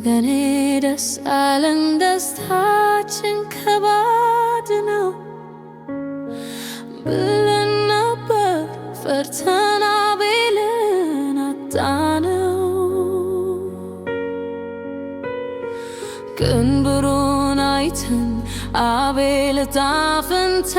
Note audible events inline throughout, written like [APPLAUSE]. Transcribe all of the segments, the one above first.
ወገኔ ደስ አለን ደስታችን ከባድ ነው ብለን ነበር ፈርተና ቤልን አጣነው ቅንብሩን አይተን አቤል ዕጣ ፈንታ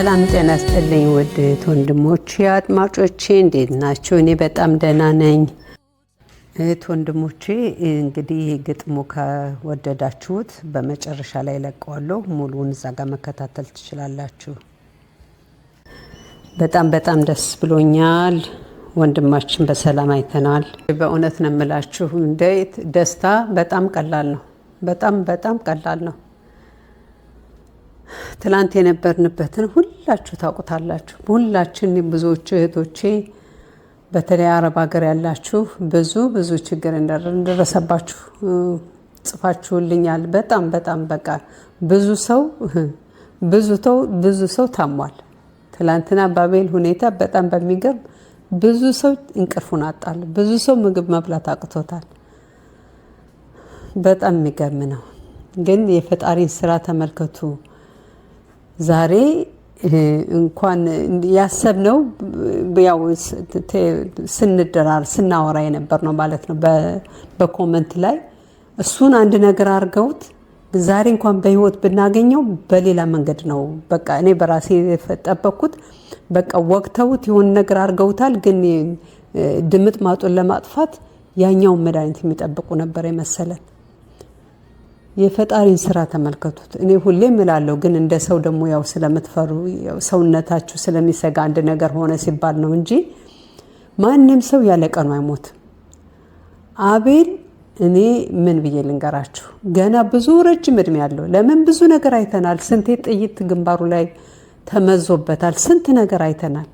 ሰላም ጤና ስጥልኝ ውድ ወንድሞቼ አድማጮቼ እንዴት ናቸው? እኔ በጣም ደህና ነኝ። እህት ወንድሞቼ እንግዲህ ግጥሙ ከወደዳችሁት በመጨረሻ ላይ ለቀዋለሁ። ሙሉውን እዛ ጋር መከታተል ትችላላችሁ። በጣም በጣም ደስ ብሎኛል። ወንድማችን በሰላም አይተናል። በእውነት ነው የምላችሁ እንዴት ደስታ በጣም ቀላል ነው። በጣም በጣም ቀላል ነው። ትላንት የነበርንበትን ሁል ሁላችሁ ታውቁታላችሁ። ሁላችን ብዙዎቹ እህቶቼ በተለይ አረብ ሀገር ያላችሁ ብዙ ብዙ ችግር እንደደረሰባችሁ ጽፋችሁልኛል። በጣም በጣም በቃ ብዙ ሰው [LAUGHS] ብዙ ተው ብዙ ሰው ታሟል። ትላንትና ባቤል ሁኔታ በጣም በሚገርም ብዙ ሰው እንቅልፉን አጣል። ብዙ ሰው ምግብ መብላት አቅቶታል። በጣም የሚገርም ነው። ግን የፈጣሪን ስራ ተመልከቱ ዛሬ እንኳን ያሰብነው ያው ስንደራር ስናወራ የነበር ነው ማለት ነው በኮመንት ላይ እሱን አንድ ነገር አድርገውት ዛሬ እንኳን በህይወት ብናገኘው በሌላ መንገድ ነው። በቃ እኔ በራሴ የጠበቅኩት በቃ ወቅተውት የሆን ነገር አድርገውታል። ግን ድምጥ ማጡን ለማጥፋት ያኛውን መድኃኒት የሚጠብቁ ነበር የመሰለን። የፈጣሪን ስራ ተመልከቱት። እኔ ሁሌም እላለሁ፣ ግን እንደ ሰው ደግሞ ያው ስለምትፈሩ ሰውነታችሁ ስለሚሰጋ አንድ ነገር ሆነ ሲባል ነው እንጂ ማንም ሰው ያለ ቀኑ አይሞትም። አቤል እኔ ምን ብዬ ልንገራችሁ፣ ገና ብዙ ረጅም እድሜ ያለው ለምን ብዙ ነገር አይተናል። ስንቴ ጥይት ግንባሩ ላይ ተመዞበታል። ስንት ነገር አይተናል።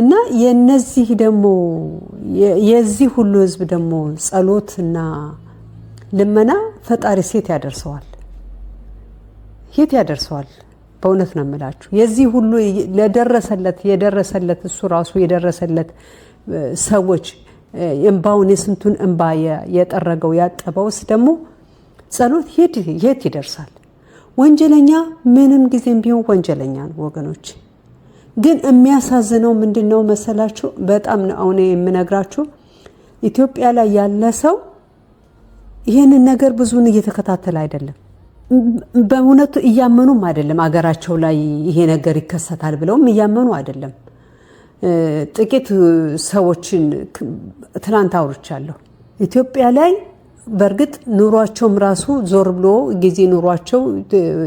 እና የነዚህ ደግሞ የዚህ ሁሉ ህዝብ ደግሞ ጸሎትና ልመና ፈጣሪ ሴት ያደርሰዋል የት ያደርሰዋል? በእውነት ነው የምላችሁ የዚህ ሁሉ ለደረሰለት የደረሰለት እሱ ራሱ የደረሰለት ሰዎች እንባውን የስንቱን እንባ የጠረገው ያጠበውስ ደግሞ ጸሎት የት ይደርሳል? ወንጀለኛ ምንም ጊዜም ቢሆን ወንጀለኛ ነው ወገኖች። ግን የሚያሳዝነው ምንድን ነው መሰላችሁ? በጣም ነው አሁን የምነግራችሁ ኢትዮጵያ ላይ ያለ ሰው ይህንን ነገር ብዙን እየተከታተለ አይደለም። በእውነቱ እያመኑም አይደለም። አገራቸው ላይ ይሄ ነገር ይከሰታል ብለውም እያመኑ አይደለም። ጥቂት ሰዎችን ትናንት አውርቻለሁ። ኢትዮጵያ ላይ በእርግጥ ኑሯቸውም ራሱ ዞር ብሎ ጊዜ ኑሯቸው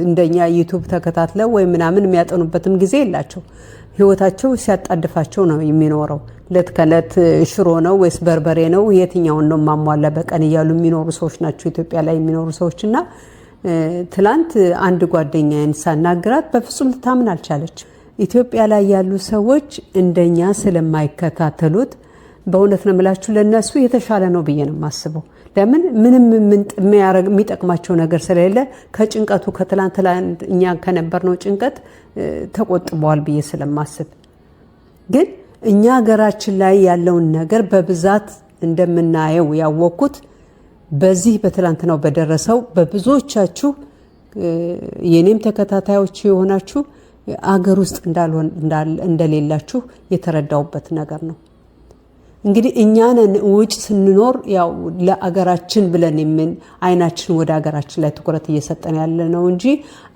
እንደኛ ዩቱብ ተከታትለው ወይም ምናምን የሚያጠኑበትም ጊዜ የላቸው። ህይወታቸው ሲያጣድፋቸው ነው የሚኖረው። ለት ከለት ሽሮ ነው ወይስ በርበሬ ነው የትኛውን ነው ማሟላ በቀን እያሉ የሚኖሩ ሰዎች ናቸው ኢትዮጵያ ላይ የሚኖሩ ሰዎች እና ትላንት አንድ ጓደኛዬን ሳናግራት በፍጹም ልታምን አልቻለች። ኢትዮጵያ ላይ ያሉ ሰዎች እንደኛ ስለማይከታተሉት በእውነት ነው የምላችሁ ለእነሱ የተሻለ ነው ብዬ ነው የማስበው። ለምን ምንም የሚጠቅማቸው ነገር ስለሌለ ከጭንቀቱ ከትላንት እኛ ከነበርነው ጭንቀት ተቆጥበዋል ብዬ ስለማስብ ግን እኛ ሀገራችን ላይ ያለውን ነገር በብዛት እንደምናየው ያወቅኩት በዚህ በትላንትናው በደረሰው በብዙዎቻችሁ የእኔም ተከታታዮች የሆናችሁ አገር ውስጥ እንደሌላችሁ የተረዳውበት ነገር ነው። እንግዲህ እኛንን ውጭ ስንኖር ያው ለአገራችን ብለን የምን አይናችን ወደ አገራችን ላይ ትኩረት እየሰጠን ያለ ነው እንጂ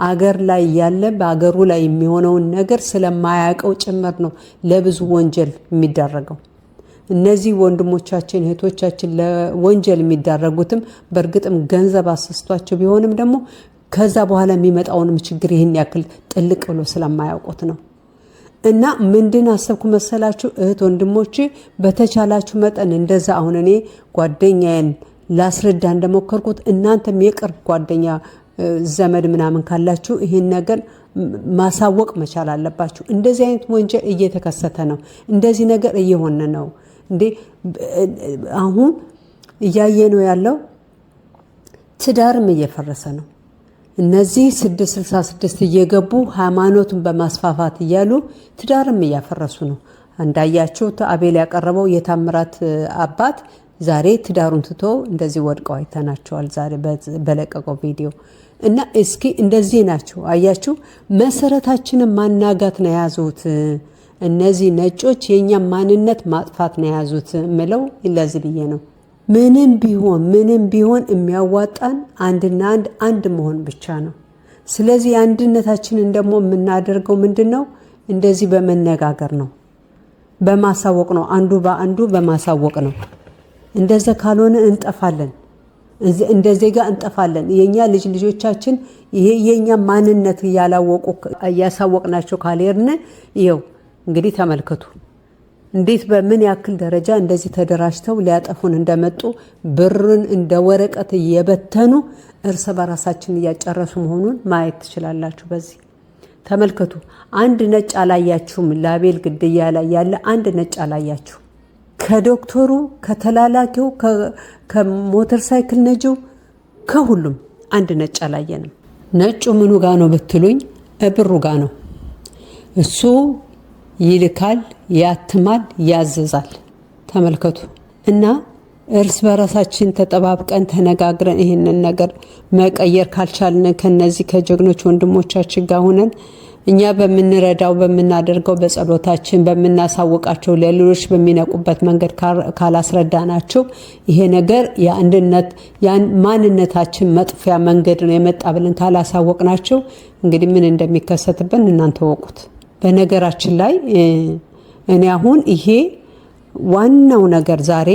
አገር ላይ ያለ በአገሩ ላይ የሚሆነውን ነገር ስለማያውቀው ጭምር ነው ለብዙ ወንጀል የሚዳረገው። እነዚህ ወንድሞቻችን እህቶቻችን ለወንጀል የሚዳረጉትም በእርግጥም ገንዘብ አሰስቷቸው ቢሆንም ደግሞ ከዛ በኋላ የሚመጣውንም ችግር ይህን ያክል ጥልቅ ብሎ ስለማያውቁት ነው። እና ምንድን አሰብኩ መሰላችሁ እህት ወንድሞቼ፣ በተቻላችሁ መጠን እንደዛ አሁን እኔ ጓደኛዬን ላስረዳ እንደሞከርኩት እናንተም የቅርብ ጓደኛ ዘመድ ምናምን ካላችሁ ይህን ነገር ማሳወቅ መቻል አለባችሁ። እንደዚህ አይነት ወንጀል እየተከሰተ ነው። እንደዚህ ነገር እየሆነ ነው እንዴ! አሁን እያየ ነው ያለው። ትዳርም እየፈረሰ ነው። እነዚህ 666 እየገቡ ሃይማኖቱን በማስፋፋት እያሉ ትዳርም እያፈረሱ ነው። እንዳያችሁት አቤል ያቀረበው የታምራት አባት ዛሬ ትዳሩን ትቶ እንደዚህ ወድቀው አይተናቸዋል። ዛሬ በለቀቀው ቪዲዮ እና እስኪ እንደዚህ ናቸው። አያችሁ፣ መሰረታችንን ማናጋት ነው የያዙት እነዚህ ነጮች። የእኛም ማንነት ማጥፋት ነው የያዙት ምለው ለዚህ ብዬ ነው። ምንም ቢሆን ምንም ቢሆን የሚያዋጣን አንድና አንድ አንድ መሆን ብቻ ነው። ስለዚህ አንድነታችንን ደግሞ የምናደርገው ምንድን ነው? እንደዚህ በመነጋገር ነው፣ በማሳወቅ ነው፣ አንዱ በአንዱ በማሳወቅ ነው። እንደዚ ካልሆነ እንጠፋለን፣ እንደ ዜጋ እንጠፋለን። የእኛ ልጅ ልጆቻችን ይሄ የእኛ ማንነት እያላወቁ እያሳወቅናቸው ካልሄድን ይኸው እንግዲህ ተመልከቱ። እንዴት በምን ያክል ደረጃ እንደዚህ ተደራጅተው ሊያጠፉን እንደመጡ ብርን እንደ ወረቀት እየበተኑ እርስ በራሳችን እያጨረሱ መሆኑን ማየት ትችላላችሁ። በዚህ ተመልከቱ። አንድ ነጭ አላያችሁም? ላቤል ግድያ ላይ ያለ አንድ ነጭ አላያችሁ? ከዶክተሩ፣ ከተላላኪው፣ ከሞተር ሳይክል ነጂው፣ ከሁሉም አንድ ነጭ አላየንም። ነጩ ምኑ ጋ ነው ብትሉኝ፣ እብሩ ጋ ነው እሱ ይልካል፣ ያትማል፣ ያዘዛል። ተመልከቱ እና እርስ በራሳችን ተጠባብቀን ተነጋግረን ይህንን ነገር መቀየር ካልቻልን ከነዚህ ከጀግኖች ወንድሞቻችን ጋር ሆነን እኛ በምንረዳው በምናደርገው በጸሎታችን በምናሳውቃቸው ለሌሎች በሚነቁበት መንገድ ካላስረዳናቸው ይሄ ነገር የአንድነት ማንነታችን መጥፊያ መንገድ ነው የመጣ ብለን ካላሳወቅናቸው እንግዲህ ምን እንደሚከሰትብን እናንተ ወቁት። በነገራችን ላይ እኔ አሁን ይሄ ዋናው ነገር ዛሬ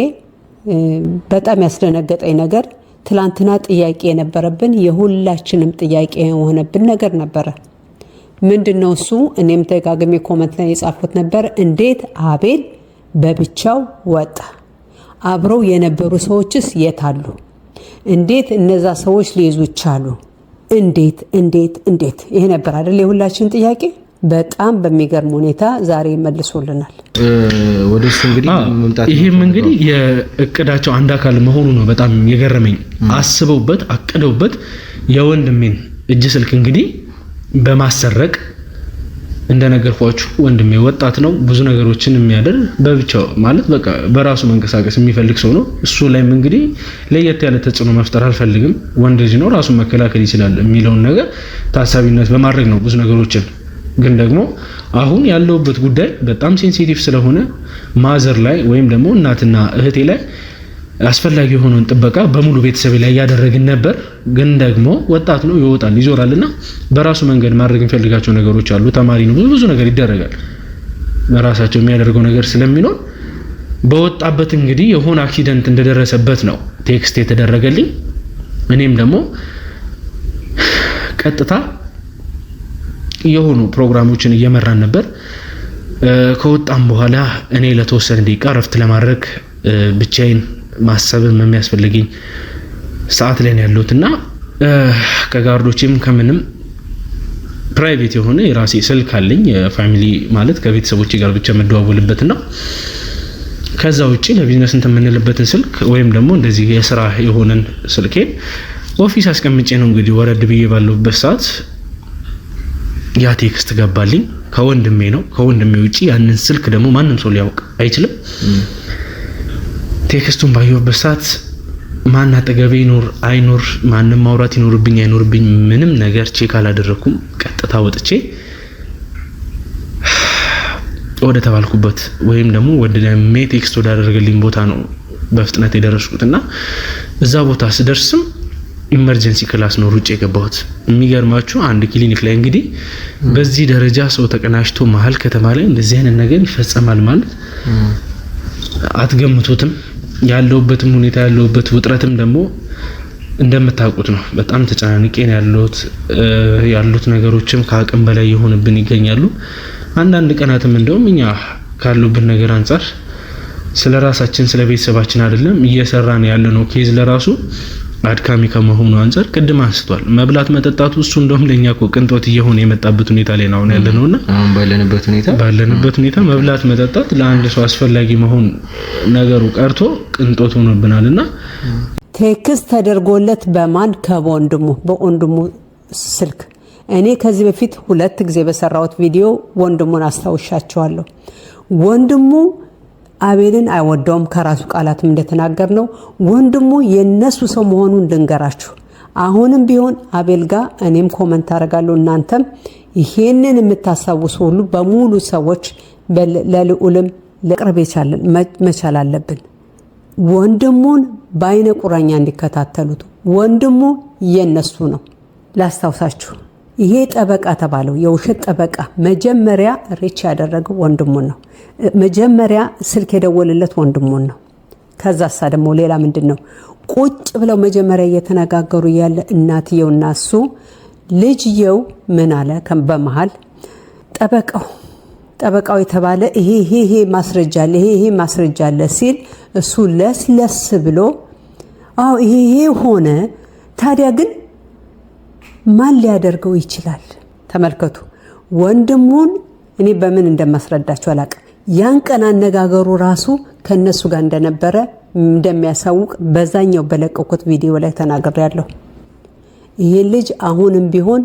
በጣም ያስደነገጠኝ ነገር ትላንትና ጥያቄ የነበረብን የሁላችንም ጥያቄ የሆነብን ነገር ነበረ። ምንድን ነው እሱ? እኔም ደጋግሜ ኮመንት ላይ የጻፍኩት ነበር። እንዴት አቤል በብቻው ወጣ? አብረው የነበሩ ሰዎችስ የት አሉ? እንዴት እነዛ ሰዎች ሊይዙ ቻሉ? እንዴት እንዴት እንዴት? ይሄ ነበር አይደል የሁላችን ጥያቄ። በጣም በሚገርም ሁኔታ ዛሬ መልሶልናል። ይህም እንግዲህ የእቅዳቸው አንድ አካል መሆኑ ነው በጣም የገረመኝ። አስበውበት አቅደውበት የወንድሜን እጅ ስልክ እንግዲህ በማሰረቅ እንደነገርኳችሁ ወንድሜ ወጣት ነው፣ ብዙ ነገሮችን የሚያደርግ በብቻው ማለት በቃ በራሱ መንቀሳቀስ የሚፈልግ ሰው ነው። እሱ ላይም እንግዲህ ለየት ያለ ተጽዕኖ መፍጠር አልፈልግም፣ ወንድ ልጅ ነው፣ ራሱን መከላከል ይችላል የሚለውን ነገር ታሳቢነት በማድረግ ነው ብዙ ነገሮችን ግን ደግሞ አሁን ያለውበት ጉዳይ በጣም ሴንሲቲቭ ስለሆነ ማዘር ላይ ወይም ደግሞ እናትና እህቴ ላይ አስፈላጊ የሆነውን ጥበቃ በሙሉ ቤተሰብ ላይ እያደረግን ነበር። ግን ደግሞ ወጣት ነው ይወጣል ይዞራል እና በራሱ መንገድ ማድረግ የሚፈልጋቸው ነገሮች አሉ። ተማሪ ነው፣ ብዙ ብዙ ነገር ይደረጋል። በራሳቸው የሚያደርገው ነገር ስለሚኖር በወጣበት እንግዲህ የሆነ አክሲደንት እንደደረሰበት ነው ቴክስት የተደረገልኝ። እኔም ደግሞ ቀጥታ የሆኑ ፕሮግራሞችን እየመራን ነበር። ከወጣም በኋላ እኔ ለተወሰነ ደቂቃ እረፍት ለማድረግ ብቻዬን ማሰብም የሚያስፈልገኝ ሰዓት ላይ ነው ያለሁት እና ከጋርዶችም ከምንም ፕራይቬት የሆነ የራሴ ስልክ አለኝ ፋሚሊ ማለት ከቤተሰቦቼ ጋር ብቻ የምደዋወልበት ነው። ከዛ ውጭ ለቢዝነስ እንትን የምንልበትን ስልክ ወይም ደግሞ እንደዚህ የስራ የሆነን ስልኬን ኦፊስ አስቀምጬ ነው እንግዲህ ወረድ ብዬ ባለሁበት ሰዓት ያ ቴክስት ገባልኝ ከወንድሜ ነው። ከወንድሜ ውጪ ያንን ስልክ ደግሞ ማንም ሰው ሊያውቅ አይችልም። ቴክስቱን ባየሁበት ሰዓት ማን አጠገቤ ይኖር አይኖር፣ ማንም ማውራት ይኖርብኝ አይኖርብኝ፣ ምንም ነገር ቼክ አላደረኩም። ቀጥታ ወጥቼ ወደ ተባልኩበት ወይም ደግሞ ወደሜ ቴክስት ወዳደረገልኝ ቦታ ነው በፍጥነት የደረስኩትና እዛ ቦታ ስደርስም ኢመርጀንሲ ክላስ ነው ሩጭ የገባሁት። የሚገርማችሁ አንድ ክሊኒክ ላይ እንግዲህ በዚህ ደረጃ ሰው ተቀናጅቶ መሀል ከተማ ላይ እንደዚህ አይነት ነገር ይፈጸማል ማለት አትገምቱትም። ያለውበትም ሁኔታ ያለውበት ውጥረትም ደግሞ እንደምታውቁት ነው። በጣም ተጨናንቄን ያለሁት ያሉት ነገሮችም ከአቅም በላይ የሆንብን ይገኛሉ። አንዳንድ ቀናትም እንደውም እኛ ካሉብን ነገር አንጻር ስለ ራሳችን ስለ ቤተሰባችን አይደለም እየሰራን ያለ ነው ኬዝ ለራሱ አድካሚ ከመሆኑ አንጻር ቅድም አንስቷል። መብላት መጠጣቱ እሱ እንደውም ለኛ እኮ ቅንጦት እየሆነ የመጣበት ሁኔታ ላይ ነው ያለነውና አሁን ባለንበት ሁኔታ ባለንበት ሁኔታ መብላት መጠጣት ለአንድ ሰው አስፈላጊ መሆን ነገሩ ቀርቶ ቅንጦት ሆኖብናልና ቴክስ ቴክስት ተደርጎለት በማን ከወንድሙ በወንድሙ ስልክ እኔ ከዚህ በፊት ሁለት ጊዜ በሰራሁት ቪዲዮ ወንድሙን አስታውሻቸዋለሁ። ወንድሙ አቤልን አይወደውም ከራሱ ቃላትም እንደተናገር ነው። ወንድሙ የነሱ ሰው መሆኑን ልንገራችሁ። አሁንም ቢሆን አቤል ጋር እኔም ኮመንት አደርጋለሁ። እናንተም ይሄንን የምታስታውሱ ሁሉ በሙሉ ሰዎች ለልዑልም ለቅርብ መቻል አለብን። ወንድሙን በአይነ ቁራኛ እንዲከታተሉት። ወንድሙ የነሱ ነው። ላስታውሳችሁ ይሄ ጠበቃ ተባለው የውሸት ጠበቃ መጀመሪያ ሬች ያደረገው ወንድሙን ነው። መጀመሪያ ስልክ የደወልለት ወንድሙን ነው። ከዛሳ ደግሞ ሌላ ምንድን ነው? ቁጭ ብለው መጀመሪያ እየተነጋገሩ ያለ እናትየው እና እሱ ልጅየው ምን አለ በመሀል ጠበቃው ጠበቃው የተባለ ይሄ ይሄ ማስረጃ አለ ይሄ ይሄ ማስረጃ አለ ሲል እሱ ለስለስ ብሎ አዎ ይሄ ይሄ ሆነ ታዲያ ግን ማን ሊያደርገው ይችላል? ተመልከቱ ወንድሙን እኔ በምን እንደማስረዳቸው አላቅም። ያን ቀን አነጋገሩ ራሱ ከእነሱ ጋር እንደነበረ እንደሚያሳውቅ በዛኛው በለቀኩት ቪዲዮ ላይ ተናግሬያለሁ። ይህ ልጅ አሁንም ቢሆን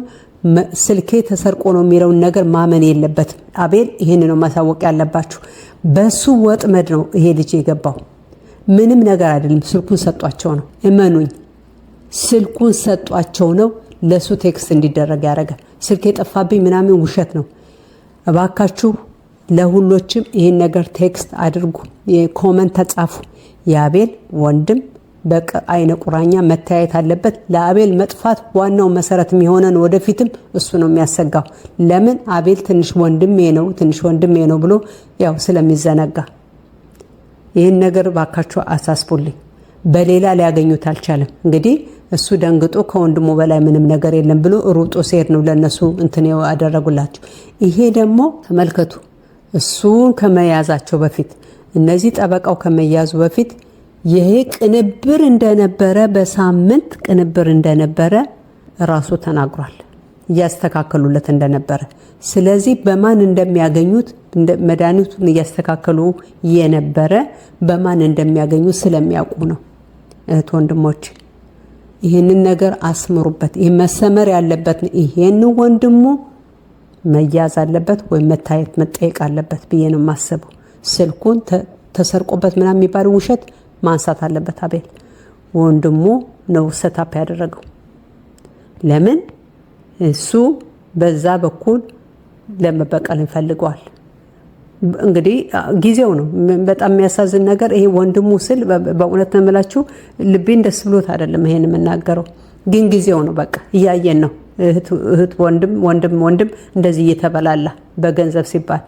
ስልኬ ተሰርቆ ነው የሚለውን ነገር ማመን የለበትም። አቤል ይህን ነው ማሳወቅ ያለባችሁ። በሱ ወጥመድ ነው ይሄ ልጅ የገባው። ምንም ነገር አይደለም። ስልኩን ሰጧቸው ነው። እመኑኝ፣ ስልኩን ሰጧቸው ነው ለእሱ ቴክስት እንዲደረግ ያደርጋል። ስልክ የጠፋብኝ ምናምን ውሸት ነው። እባካችሁ ለሁሎችም ይህን ነገር ቴክስት አድርጉ፣ ኮመንት ተጻፉ። የአቤል ወንድም በአይነ ቁራኛ መተያየት አለበት። ለአቤል መጥፋት ዋናው መሰረት የሚሆነን ወደፊትም እሱ ነው የሚያሰጋው። ለምን አቤል ትንሽ ወንድሜ ነው ትንሽ ወንድሜ ነው ብሎ ያው ስለሚዘነጋ ይህን ነገር ባካችሁ አሳስቡልኝ። በሌላ ሊያገኙት አልቻለም እንግዲህ እሱ ደንግጦ ከወንድሙ በላይ ምንም ነገር የለም ብሎ ሩጦ ሲሄድ ነው ለእነሱ እንትን ያደረጉላቸው። ይሄ ደግሞ ተመልከቱ፣ እሱን ከመያዛቸው በፊት እነዚህ ጠበቃው ከመያዙ በፊት ይሄ ቅንብር እንደነበረ በሳምንት ቅንብር እንደነበረ ራሱ ተናግሯል፣ እያስተካከሉለት እንደነበረ። ስለዚህ በማን እንደሚያገኙት መድኃኒቱን እያስተካከሉ የነበረ በማን እንደሚያገኙት ስለሚያውቁ ነው እህት ወንድሞች ይህንን ነገር አስምሩበት። ይህ መሰመር ያለበት ይሄን ወንድሙ መያዝ አለበት ወይም መታየት መጠየቅ አለበት ብዬ ነው የማስበው። ስልኩን ተሰርቆበት ምናምን የሚባል ውሸት ማንሳት አለበት አቤል። ወንድሙ ነው ሰታፕ ያደረገው። ለምን እሱ በዛ በኩል ለመበቀል ይፈልገዋል። እንግዲህ ጊዜው ነው። በጣም የሚያሳዝን ነገር ይሄ ወንድሙ ስል በእውነት መመላችሁ ልቤን ደስ ብሎት አይደለም ይሄን የምናገረው፣ ግን ጊዜው ነው። በቃ እያየን ነው። እህት ወንድም ወንድም ወንድም እንደዚህ እየተበላላ በገንዘብ ሲባል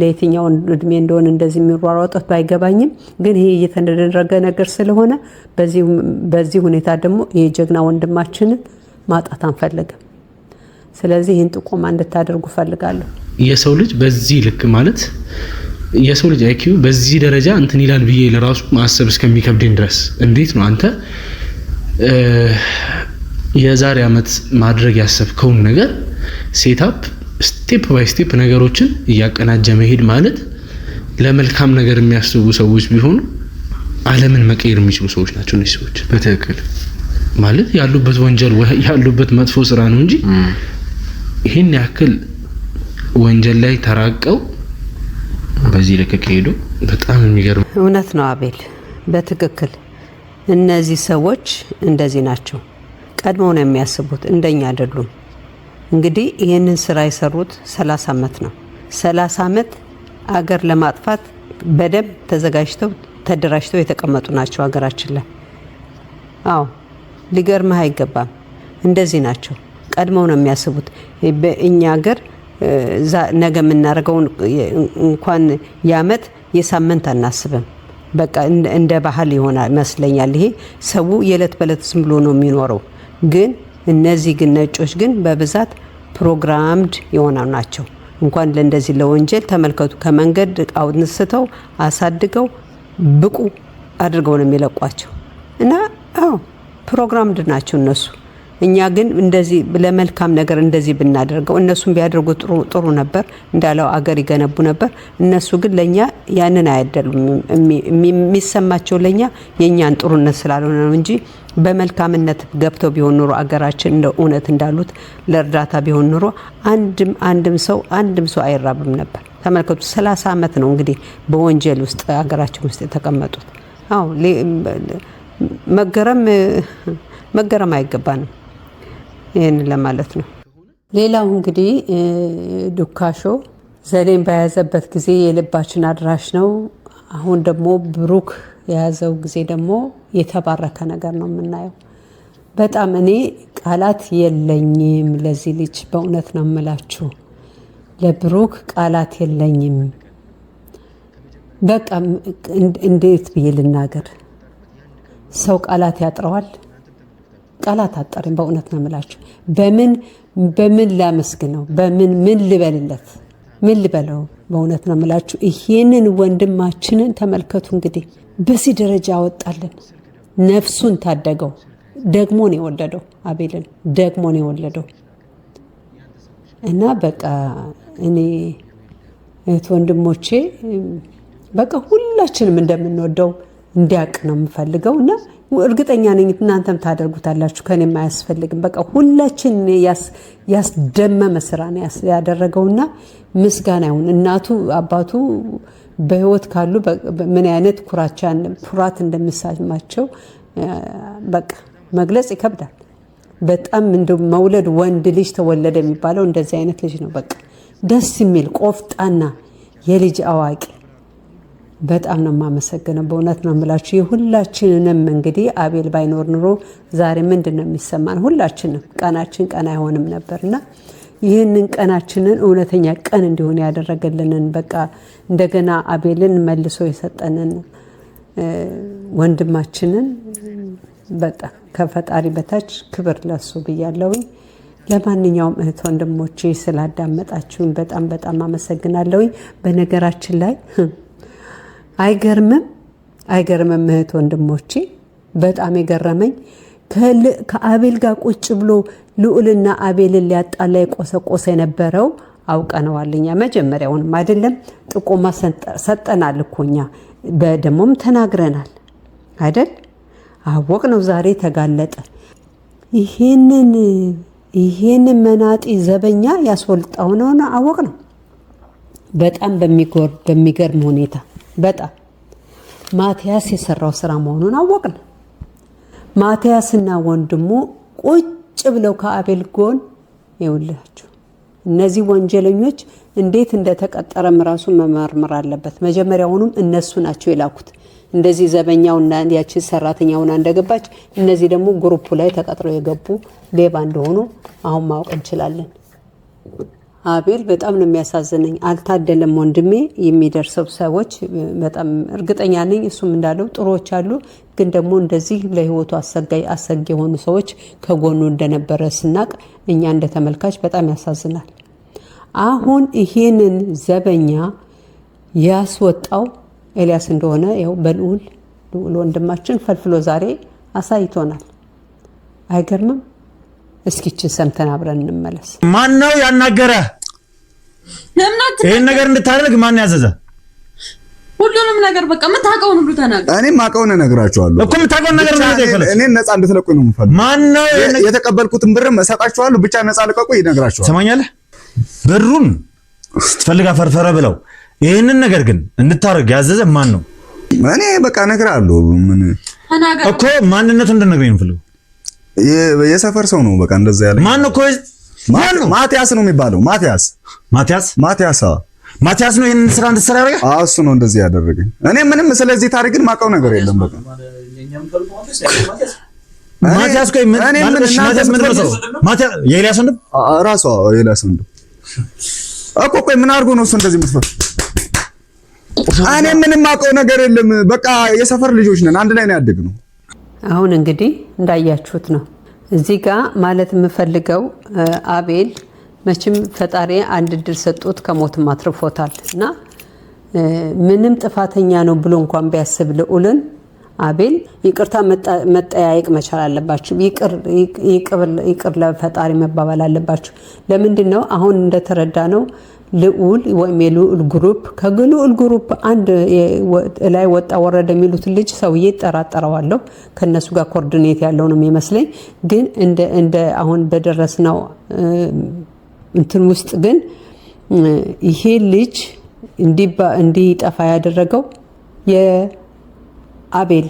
ለየትኛው እድሜ እንደሆነ እንደዚህ የሚሯሯጡት ባይገባኝም ግን ይሄ እየተደረገ ነገር ስለሆነ በዚህ ሁኔታ ደግሞ የጀግና ወንድማችንን ማጣት አንፈልግም። ስለዚህ ይህን ጥቆማ እንድታደርጉ ፈልጋለሁ? የሰው ልጅ በዚህ ልክ ማለት የሰው ልጅ አይኪዩ በዚህ ደረጃ እንትን ይላል ብዬ ለራሱ ማሰብ እስከሚከብድን ድረስ እንዴት ነው አንተ የዛሬ ዓመት ማድረግ ያሰብከውን ነገር ሴታፕ ስቴፕ ባይ ስቴፕ ነገሮችን እያቀናጀ መሄድ ማለት ለመልካም ነገር የሚያስቡ ሰዎች ቢሆኑ ዓለምን መቀየር የሚችሉ ሰዎች ናቸው እነዚህ ሰዎች። በትክክል ማለት ያሉበት ወንጀል ያሉበት መጥፎ ስራ ነው እንጂ ይህን ያክል ወንጀል ላይ ተራቀው በዚህ ልክ ከሄዱ በጣም የሚገርም እውነት ነው አቤል። በትክክል እነዚህ ሰዎች እንደዚህ ናቸው። ቀድሞ ነው የሚያስቡት፣ እንደኛ አይደሉም። እንግዲህ ይህንን ስራ የሰሩት 30 ዓመት ነው። 30 ዓመት አገር ለማጥፋት በደንብ ተዘጋጅተው ተደራጅተው የተቀመጡ ናቸው ሀገራችን ላይ። አዎ ሊገርምህ አይገባም። እንደዚህ ናቸው። ቀድመው ነው የሚያስቡት። በእኛ ሀገር ነገ የምናደርገውን እንኳን የአመት የሳምንት አናስብም። በቃ እንደ ባህል ይሆና ይመስለኛል። ይሄ ሰው የዕለት በዕለት ዝም ብሎ ነው የሚኖረው። ግን እነዚህ ግን ነጮች ግን በብዛት ፕሮግራምድ የሆና ናቸው። እንኳን ለእንደዚህ ለወንጀል ተመልከቱ፣ ከመንገድ አውንስተው አሳድገው ብቁ አድርገው ነው የሚለቋቸው እና አዎ ፕሮግራምድ ናቸው እነሱ። እኛ ግን እንደዚህ ለመልካም ነገር እንደዚህ ብናደርገው እነሱም ቢያደርጉ ጥሩ ነበር እንዳለው አገር ይገነቡ ነበር። እነሱ ግን ለእኛ ያንን አያደሉም። የሚሰማቸው ለእኛ የእኛን ጥሩነት ስላልሆነ ነው እንጂ በመልካምነት ገብተው ቢሆን ኑሮ አገራችን እንደ እውነት እንዳሉት ለእርዳታ ቢሆን ኑሮ አንድም አንድም ሰው አንድም ሰው አይራብም ነበር። ተመልከቱ፣ ሰላሳ ዓመት ነው እንግዲህ በወንጀል ውስጥ አገራችን ውስጥ የተቀመጡት። አዎ መገረም መገረም አይገባንም። ይህን ለማለት ነው። ሌላው እንግዲህ ዱካሾ ዘዴን በያዘበት ጊዜ የልባችን አድራሽ ነው። አሁን ደግሞ ብሩክ የያዘው ጊዜ ደግሞ የተባረከ ነገር ነው የምናየው። በጣም እኔ ቃላት የለኝም ለዚህ ልጅ በእውነት ነው የምላችሁ። ለብሩክ ቃላት የለኝም። በቃ እንዴት ብዬ ልናገር? ሰው ቃላት ያጥረዋል። ቃላት አጠርም በእውነት ነው የምላችሁ። በምን በምን ላመስግነው? በምን ምን ልበልለት? ምን ልበለው? በእውነት ነው የምላችሁ። ይህንን ወንድማችንን ተመልከቱ እንግዲህ በዚህ ደረጃ አወጣልን። ነፍሱን ታደገው። ደግሞ ነው የወለደው አቤልን ደግሞ ነው የወለደው እና በቃ እኔ እህት ወንድሞቼ በቃ ሁላችንም እንደምንወደው እንዲያውቅ ነው የምፈልገው እና እርግጠኛ ነኝ እናንተም ታደርጉታላችሁ። ከኔም አያስፈልግም። በቃ ሁላችን ያስደመመ ስራ ነው ያደረገውና ምስጋና ይሁን። እናቱ አባቱ በህይወት ካሉ ምን አይነት ኩራት እንደሚሰማቸው በቃ መግለጽ ይከብዳል። በጣም እንደ መውለድ ወንድ ልጅ ተወለደ የሚባለው እንደዚህ አይነት ልጅ ነው። በቃ ደስ የሚል ቆፍጣና የልጅ አዋቂ በጣም ነው የማመሰግነው። በእውነት ነው የምላችሁ የሁላችንንም እንግዲህ አቤል ባይኖር ኑሮ ዛሬ ምንድን ነው የሚሰማን? ሁላችንም ቀናችን ቀን አይሆንም ነበርና ይህንን ቀናችንን እውነተኛ ቀን እንዲሆን ያደረገልንን በቃ እንደገና አቤልን መልሶ የሰጠንን ወንድማችንን በቃ ከፈጣሪ በታች ክብር ለሱ ብያለሁኝ። ለማንኛውም እህት ወንድሞቼ ስላዳመጣችሁኝ በጣም በጣም አመሰግናለሁኝ። በነገራችን ላይ አይገርምም? አይገርምም? እህት ወንድሞቼ፣ በጣም የገረመኝ ከአቤል ጋር ቁጭ ብሎ ልዑልና አቤልን ሊያጣላ የቆሰቆሰ የነበረው አውቀነዋልኛ መጀመሪያውንም አይደለም ጥቆማ ሰጠናል እኮ እኛ በደሞም ተናግረናል አይደል አወቅ ነው ዛሬ ተጋለጠ ይሄንን ይሄንን መናጢ ዘበኛ ያስወልጣው ነው አወቅ ነው በጣም በሚገርም ሁኔታ በጣም ማቲያስ የሰራው ስራ መሆኑን አወቅን። ማቲያስና ወንድሙ ቁጭ ብለው ከአቤል ጎን ይውላችሁ። እነዚህ ወንጀለኞች እንዴት እንደተቀጠረም ራሱ መመርመር አለበት። መጀመሪያውኑም እነሱ ናቸው የላኩት። እንደዚህ ዘበኛውና ያቺ ሰራተኛውና እንደገባች እነዚህ ደግሞ ግሩፑ ላይ ተቀጥረው የገቡ ሌባ እንደሆኑ አሁን ማወቅ እንችላለን። አቤል በጣም ነው የሚያሳዝነኝ። አልታደለም ወንድሜ የሚደርሰው ሰዎች በጣም እርግጠኛ ነኝ። እሱም እንዳለው ጥሩዎች አሉ፣ ግን ደግሞ እንደዚህ ለህይወቱ አሰጋይ አሰጊ የሆኑ ሰዎች ከጎኑ እንደነበረ ስናቅ እኛ እንደ ተመልካች በጣም ያሳዝናል። አሁን ይሄንን ዘበኛ ያስወጣው ኤልያስ እንደሆነ ያው በልዑል ልዑል ወንድማችን ፈልፍሎ ዛሬ አሳይቶናል። አይገርምም? እስኪችን ሰምተን አብረን እንመለስ። ማን ነው ያናገረ? ይህን ነገር እንድታደርግ ማን ያዘዘ? ሁሉንም ነገር በቃ የምታውቀውን ሁሉ ተናገር። እኔ የማውቀውን እነግራቸዋለሁ እኮ የምታውቀውን ነገር እኔ ነፃ እንድትለቁ ነው የምፈልገው። ማን ነው የተቀበልኩትን ብርም እሰጣቸዋለሁ፣ ብቻ ነፃ ልቀቁ። ይነግራቸዋል። ትሰማኛለህ? ብሩን ስትፈልግ አፈርፈረ ብለው ይህንን ነገር ግን እንድታደርግ ያዘዘ ማን ነው? እኔ በቃ እነግርሃለሁ። ምን እኮ ማንነቱ እንድነግረኝ ነው የምፈልገው የሰፈር ሰው ነው። በቃ እንደዛ ያለ ማን ነው? ኮይ ማን ነው? ማቲያስ ነው የሚባለው። ማቲያስ ማቲያስ ማቲያስ ማቲያስ ነው ይሄንን ስራ እንድትሰራ ያደረገ። አዎ እሱ ነው እንደዚህ ያደረገ። እኔ ምንም ስለዚህ ታሪክን ማውቀው ነገር የለም። በቃ ማቲያስ ኮይ ምን ማቲያስ ምን ነው? ማቲያስ የኤልያስ ወንድም ራሱ። የኤልያስ ወንድም እኮ። ቆይ ምን አድርጎ ነው እሱ እንደዚህ የምትፈፍ? እኔ ምንም ማውቀው ነገር የለም። በቃ የሰፈር ልጆች ነን፣ አንድ ላይ ነው ያደግነው አሁን እንግዲህ እንዳያችሁት ነው። እዚህ ጋ ማለት የምፈልገው አቤል መቼም ፈጣሪ አንድ እድል ሰጦት ከሞትም አትርፎታል እና ምንም ጥፋተኛ ነው ብሎ እንኳን ቢያስብ ልዑልን አቤል ይቅርታ መጠያየቅ መቻል አለባችሁ። ይቅር ለፈጣሪ መባባል አለባችሁ። ለምንድን ነው አሁን እንደተረዳ ነው ልዑል ወይም የልዑል ግሩፕ ከልዑል ግሩፕ አንድ ላይ ወጣ ወረደ የሚሉት ልጅ ሰውዬ ጠራጠረዋለሁ። ከነሱ ጋር ኮርዲኔት ያለው ነው የሚመስለኝ። ግን እንደ አሁን በደረስነው እንትን ውስጥ ግን ይሄ ልጅ እንዲጠፋ ያደረገው የአቤል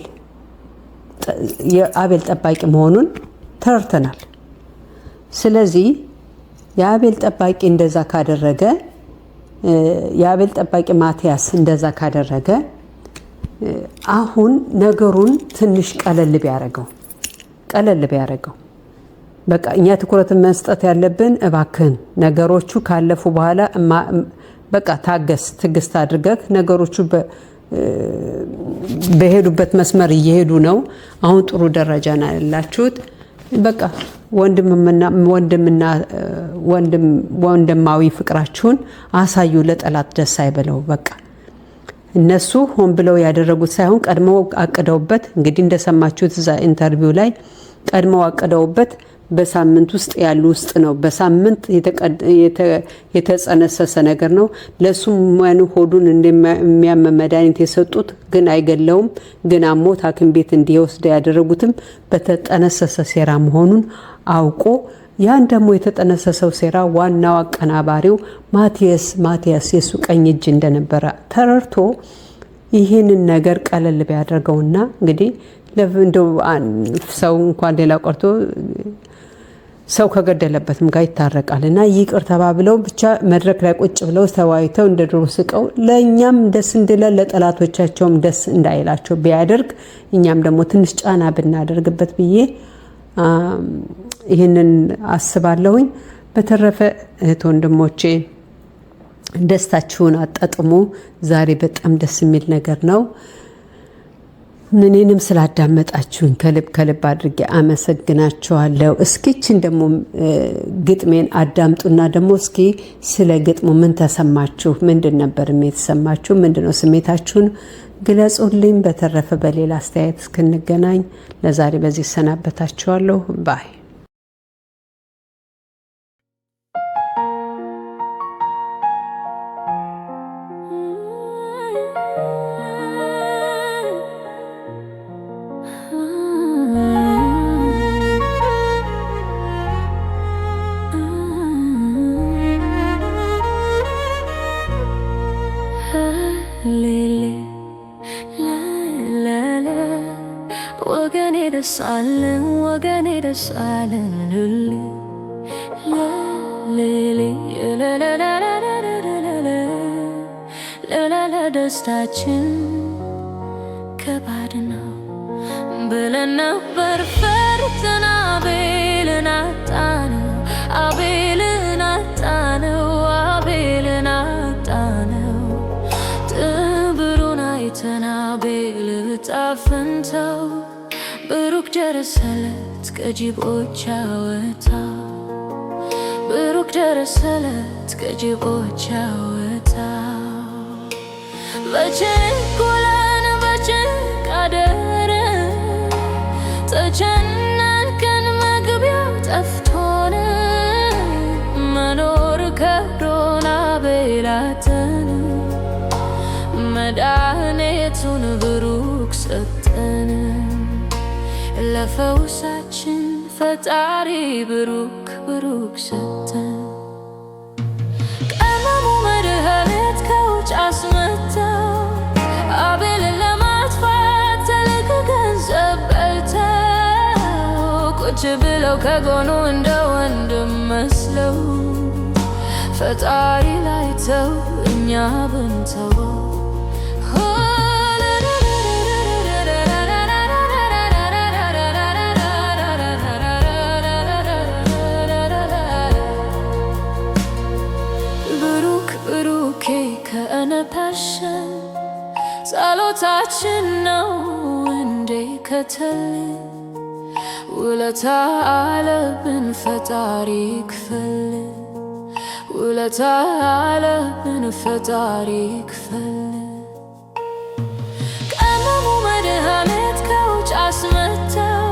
የአቤል ጠባቂ መሆኑን ተረድተናል። ስለዚህ የአቤል ጠባቂ እንደዛ ካደረገ የአቤል ጠባቂ ማቲያስ እንደዛ ካደረገ አሁን ነገሩን ትንሽ ቀለል ቢያደርገው ቀለል ቢያደርገው በቃ እኛ ትኩረትን መስጠት ያለብን እባክህን ነገሮቹ ካለፉ በኋላ በቃ ታገስ፣ ትግስት አድርገህ ነገሮቹ በሄዱበት መስመር እየሄዱ ነው። አሁን ጥሩ ደረጃ ነው ያላችሁት። በቃ ወንድማዊ ፍቅራችሁን አሳዩ። ለጠላት ደስ አይበለው። በቃ እነሱ ሆን ብለው ያደረጉት ሳይሆን ቀድሞ አቅደውበት እንግዲህ እንደሰማችሁት እዛ ኢንተርቪው ላይ ቀድመው አቅደውበት በሳምንት ውስጥ ያሉ ውስጥ ነው። በሳምንት የተጸነሰሰ ነገር ነው። ለሱም ማን ሆዱን እንደሚያመ መድኃኒት የሰጡት ግን አይገለውም። ግን አሞት ሐኪም ቤት እንዲወስድ ያደረጉትም በተጠነሰሰ ሴራ መሆኑን አውቆ ያን ደግሞ የተጠነሰሰው ሴራ ዋናው አቀናባሪው ማቲያስ ማቲያስ የሱ ቀኝ እጅ እንደነበረ ተረድቶ ይህንን ነገር ቀለል ቢያደርገውና እንግዲህ ሰው እንኳን ሌላው ቀርቶ ሰው ከገደለበትም ጋር ይታረቃል እና ይቅር ተባብለው ብቻ መድረክ ላይ ቁጭ ብለው ተወያይተው እንደ ድሮ ስቀው ለእኛም ደስ እንድለን ለጠላቶቻቸውም ደስ እንዳይላቸው ቢያደርግ እኛም ደግሞ ትንሽ ጫና ብናደርግበት ብዬ ይህንን አስባለሁኝ። በተረፈ እህት ወንድሞቼ ደስታችሁን አጣጥሙ። ዛሬ በጣም ደስ የሚል ነገር ነው። እኔንም ስላዳመጣችሁኝ ከልብ ከልብ አድርጌ አመሰግናችኋለሁ። እስኪችን ደግሞ ግጥሜን አዳምጡና ደግሞ እስኪ ስለ ግጥሙ ምን ተሰማችሁ? ምንድን ነበር የተሰማችሁ? ምንድነው ስሜታችሁን ግለጹልኝ። በተረፈ በሌላ አስተያየት እስክንገናኝ ለዛሬ በዚህ እሰናበታችኋለሁ ባይ ደረሰለት ከጅቦች አወጣ ብሩክ ደረሰለት ከጅቦች አወጣ በችኩለን በጭንቅ አደረ ተቸን ለፈውሳችን ፈጣሪ ብሩክ ብሩክ ሰጠን። ቀመሙ መድኃኒት ከውጭ አስመተው አቤል ለማጥፋት ትልቅ ገንዘብ በልተው ቁጭ ብለው ከጎኑ እንደ ወንድም መስለው ፈጣሪ ላይተው እኛ ብንተወው ጸሎታችን ነው እንዴ ከተልን ውለታ አለብን ፈጣሪ ክፈልን ውለታ አለብን ፈጣሪ ክፈልን ቀመሙ መድኃኒት ከውጭ አስመተው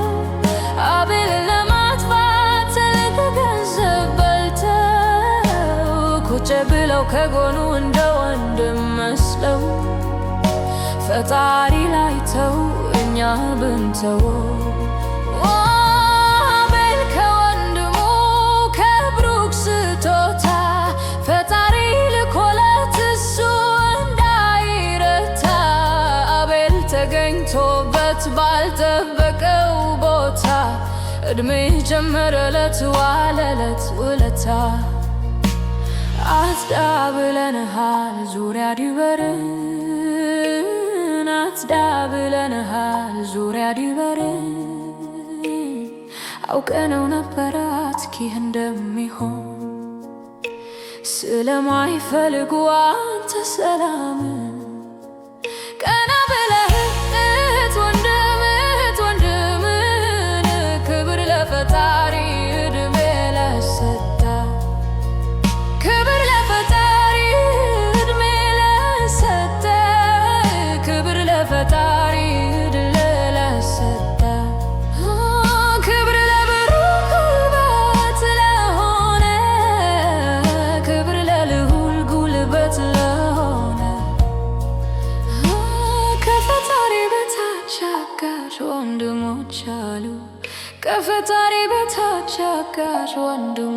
አቤል ለማጥፋት ትልቅ ገንዘብ በልተው ቁጭ ብለው ከጎኑ እንደ ወንድም መስለው ፈጣሪ ላይ ተው እኛ ብንተው አቤል ከወንድሙ ፈጣሪ አቤል ተገኝቶበት ባልጠበቀው ቦታ እድሜ ጀመረለት ዋለለት ውለታ አጽዳ ብለንሃል ዙሪያ ዲበርን ዳ ብለንሃል ዙሪያ ዲበር አውቀነው ነበረ አጥኪህ እንደሚሆን ስለማይፈልጉ አንተ ሰላም ቀና got one